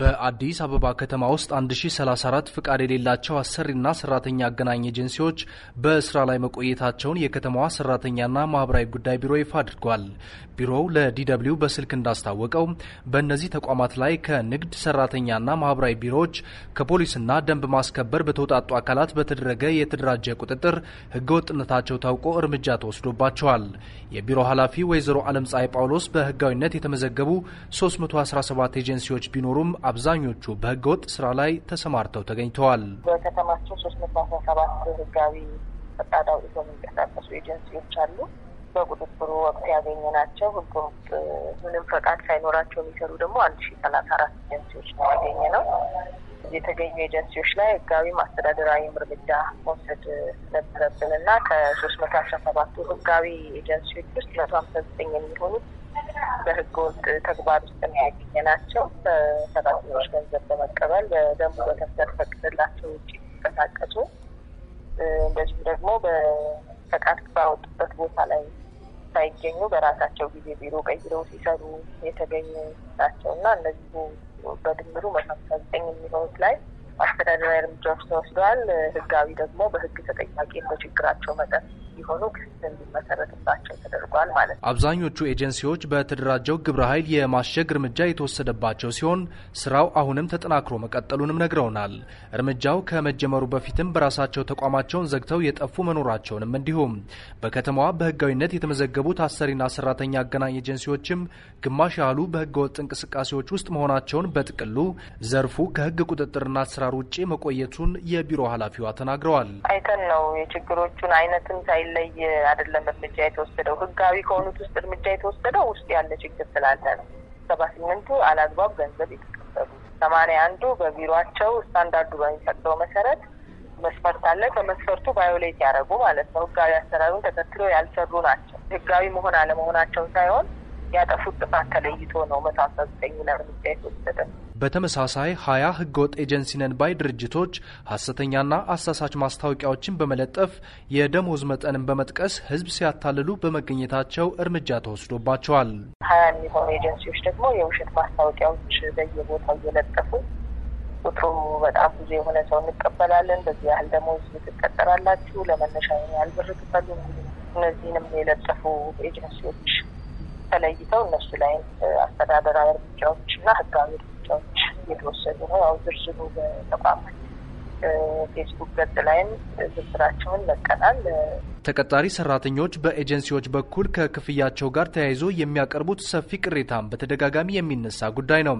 በአዲስ አበባ ከተማ ውስጥ 1034 ፍቃድ የሌላቸው አሰሪና ሰራተኛ አገናኝ ኤጀንሲዎች በስራ ላይ መቆየታቸውን የከተማዋ ሰራተኛና ማህበራዊ ጉዳይ ቢሮ ይፋ አድርጓል። ቢሮው ለዲደብሊው በስልክ እንዳስታወቀው በእነዚህ ተቋማት ላይ ከንግድ ሰራተኛና ማህበራዊ ቢሮዎች ከፖሊስና ደንብ ማስከበር በተውጣጡ አካላት በተደረገ የተደራጀ ቁጥጥር ህገወጥነታቸው ታውቆ እርምጃ ተወስዶባቸዋል። የቢሮ ኃላፊ ወይዘሮ አለም ፀሐይ ጳውሎስ በህጋዊነት የተመዘገቡ 317 ኤጀንሲዎች ቢኖሩም አብዛኞቹ በህገወጥ ስራ ላይ ተሰማርተው ተገኝተዋል። በከተማችን ሶስት መቶ አስራ ሰባት ህጋዊ ፈቃድ አውጥተው የሚንቀሳቀሱ ኤጀንሲዎች አሉ። በቁጥጥሩ ወቅት ያገኘ ናቸው። ህገወጥ ምንም ፈቃድ ሳይኖራቸው የሚሰሩ ደግሞ አንድ ሺ ሰላሳ አራት ኤጀንሲዎች ነው ያገኘ ነው። የተገኙ ኤጀንሲዎች ላይ ህጋዊ ማስተዳደራዊ እርምጃ መውሰድ ነበረብን እና ከሶስት መቶ አስራ ሰባቱ ህጋዊ ኤጀንሲዎች ውስጥ መቶ ሀምሳ ዘጠኝ የሚሆኑት በህገወጥ ተግባር ውስጥ ነው ናቸው። በሰራተኞች ገንዘብ በመቀበል በደንቡ በተፈቀደላቸው ውጭ ሲንቀሳቀሱ እንደዚሁም ደግሞ በፈቃድ ባወጡበት ቦታ ላይ ሳይገኙ በራሳቸው ጊዜ ቢሮ ቀይረው ሲሰሩ የተገኙ ናቸው እና እነዚሁ በድምሩ መሳሰ ዘጠኝ የሚሆኑት ላይ አስተዳደራዊ እርምጃዎች ተወስደዋል። ህጋዊ ደግሞ በህግ ተጠያቂ በችግራቸው መጠን ሲሆኑ ክስ እንዲመሰረት ተደርጓል ማለት ነው። አብዛኞቹ ኤጀንሲዎች በተደራጀው ግብረ ኃይል የማሸግ እርምጃ የተወሰደባቸው ሲሆን ስራው አሁንም ተጠናክሮ መቀጠሉንም ነግረውናል። እርምጃው ከመጀመሩ በፊትም በራሳቸው ተቋማቸውን ዘግተው የጠፉ መኖራቸውንም እንዲሁም በከተማዋ በህጋዊነት የተመዘገቡ ታሰሪና ሰራተኛ አገናኝ ኤጀንሲዎችም ግማሽ ያህሉ በህገወጥ እንቅስቃሴዎች ውስጥ መሆናቸውን በጥቅሉ ዘርፉ ከህግ ቁጥጥርና አሰራር ውጭ መቆየቱን የቢሮ ኃላፊዋ ተናግረዋል። አይተን ነው የችግሮቹን አይነትም ሳይለይ አይደለም እርምጃ የተወሰደው ህግ ህጋዊ ከሆኑት ውስጥ እርምጃ የተወሰደው ውስጥ ያለ ችግር ስላለ ነው። ሰባ ስምንቱ አላግባብ ገንዘብ የተቀበሉ፣ ሰማንያ አንዱ በቢሮቸው ስታንዳርዱ በሚፈቅደው መሰረት መስፈርት አለ። ከመስፈርቱ ቫዮሌት ያደረጉ ማለት ነው። ህጋዊ አሰራሩን ተከትሎ ያልሰሩ ናቸው። ህጋዊ መሆን አለመሆናቸው ሳይሆን ያጠፉት ጥፋት ተለይቶ ነው መቶ አስራ ዘጠኝ ለእርምጃ የተወሰደ። በተመሳሳይ ሀያ ህገወጥ ኤጀንሲ ነን ባይ ድርጅቶች ሀሰተኛና አሳሳች ማስታወቂያዎችን በመለጠፍ የደሞዝ መጠንን በመጥቀስ ህዝብ ሲያታልሉ በመገኘታቸው እርምጃ ተወስዶባቸዋል። ሀያ የሚሆኑ ኤጀንሲዎች ደግሞ የውሸት ማስታወቂያዎች በየቦታው እየለጠፉ ቁጥሩ በጣም ብዙ የሆነ ሰው እንቀበላለን፣ በዚህ ያህል ደሞዝ ትቀጠራላችሁ፣ ለመነሻ ያህል ብር ክፈሉ። እነዚህንም የለጠፉ ኤጀንሲዎች ተለይተው እነሱ ላይ አስተዳደራዊ እርምጃዎች እና ህጋዊ እየተወሰዱ ነው። ያው ዝርዝሩ በተቋማት ፌስቡክ ገጽ ላይም ዝርዝራቸውን ለቀናል። ተቀጣሪ ሰራተኞች በኤጀንሲዎች በኩል ከክፍያቸው ጋር ተያይዞ የሚያቀርቡት ሰፊ ቅሬታ በተደጋጋሚ የሚነሳ ጉዳይ ነው።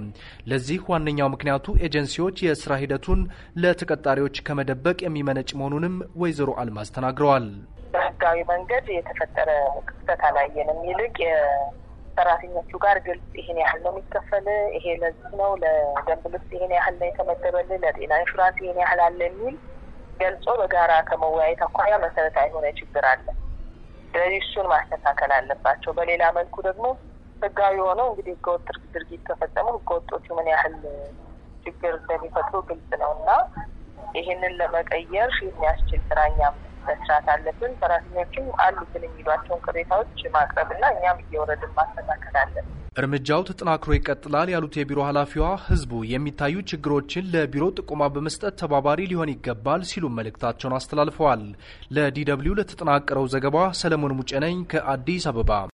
ለዚህ ዋነኛው ምክንያቱ ኤጀንሲዎች የስራ ሂደቱን ለተቀጣሪዎች ከመደበቅ የሚመነጭ መሆኑንም ወይዘሮ አልማዝ ተናግረዋል። በህጋዊ መንገድ የተፈጠረ ክፍተት አላየንም። ይልቅ ሰራተኞቹ ጋር ግልጽ ይሄን ያህል ነው የሚከፈል፣ ይሄ ለዚህ ነው፣ ለደንብ ልብስ ይሄን ያህል ነው የተመደበል፣ ለጤና ኢንሹራንስ ይሄን ያህል አለ የሚል ገልጾ በጋራ ከመወያየት አኳያ መሰረታዊ የሆነ ችግር አለ። ስለዚህ እሱን ማስተካከል አለባቸው። በሌላ መልኩ ደግሞ ህጋዊ የሆነው እንግዲህ ህገወጥ ድርጊት ከፈጸሙ ህገወጦቹ ምን ያህል ችግር እንደሚፈጥሩ ግልጽ ነው እና ይህንን ለመቀየር የሚያስችል ስራኛም መስራት አለብን። ሰራተኞችም አሉብን የሚሏቸውን ቅሬታዎች ማቅረብና እኛም እየወረድን ማስተካከል አለብን። እርምጃው ተጠናክሮ ይቀጥላል ያሉት የቢሮ ኃላፊዋ ህዝቡ የሚታዩ ችግሮችን ለቢሮ ጥቆማ በመስጠት ተባባሪ ሊሆን ይገባል ሲሉ መልእክታቸውን አስተላልፈዋል። ለዲ ደብልዩ ለተጠናቀረው ዘገባ ሰለሞን ሙጨነኝ ከአዲስ አበባ።